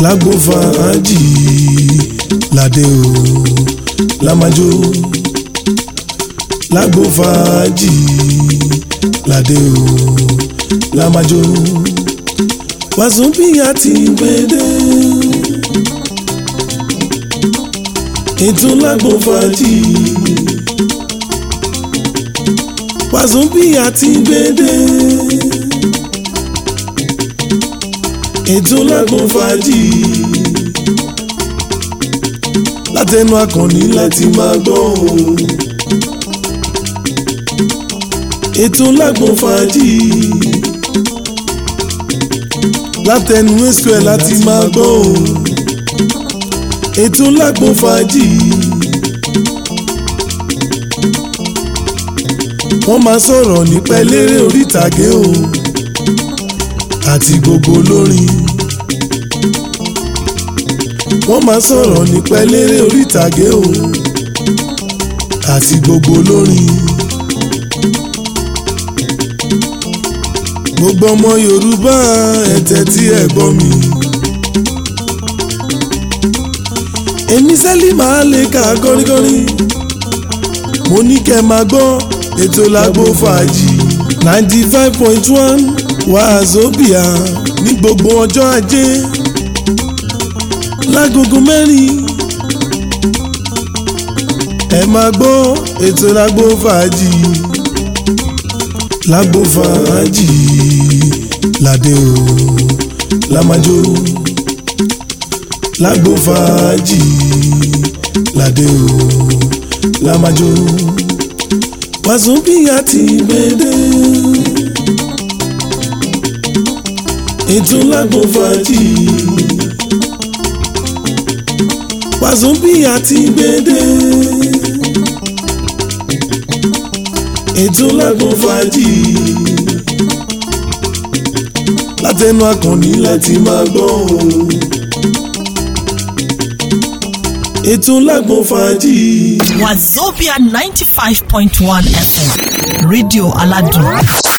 lágbo fàájì ládé o lámájó lágbo fàájì ládé o lámájó wàsúnpìyà ti gbédè. ètò lágbo fàájì wàsúnpìyà ti gbédè ìtúnlẹ̀kùn fàájì látẹnu akànnì láti máa gbọ́ òun. ìtúnlẹ̀kùn fàájì látẹnu èso ẹ̀ láti máa gbọ́ òun. ìtúnlẹ̀kùn fàájì. wọ́n máa sọ̀rọ̀ nípa eléré orí ìtàgé o àti gbogbo olórin wọ́n máa sọ̀rọ̀ nípa eléré orí ìtàgé o àti gbogbo olórin gbogbo ọmọ Yorùbá ẹ tẹ́tí ẹ gbọ́ mi. èmi sẹ́lí máa lè kà gọ́rígọ́rí mo ní kẹ́ máa gbọ́ ètò lágbo fàájì ninety five point one wazobia ní gbogbo ọjọ́ ajé lágogo mẹ́rin ẹ máa gbọ́ ètò lágbo fàájì lágbo fàájì ládé o lámájó lágbo fàájì ládé o lámájó wazobia ti gbẹdẹ ètò lágbo fàájì. Wàzóbì àti gbèdé. ètò lágbo fàájì. látẹnu akànnì láti máa gbọ́ òun. ètò lágbo fàájì. Wazobia ninety five point one FM rédíò aládùn.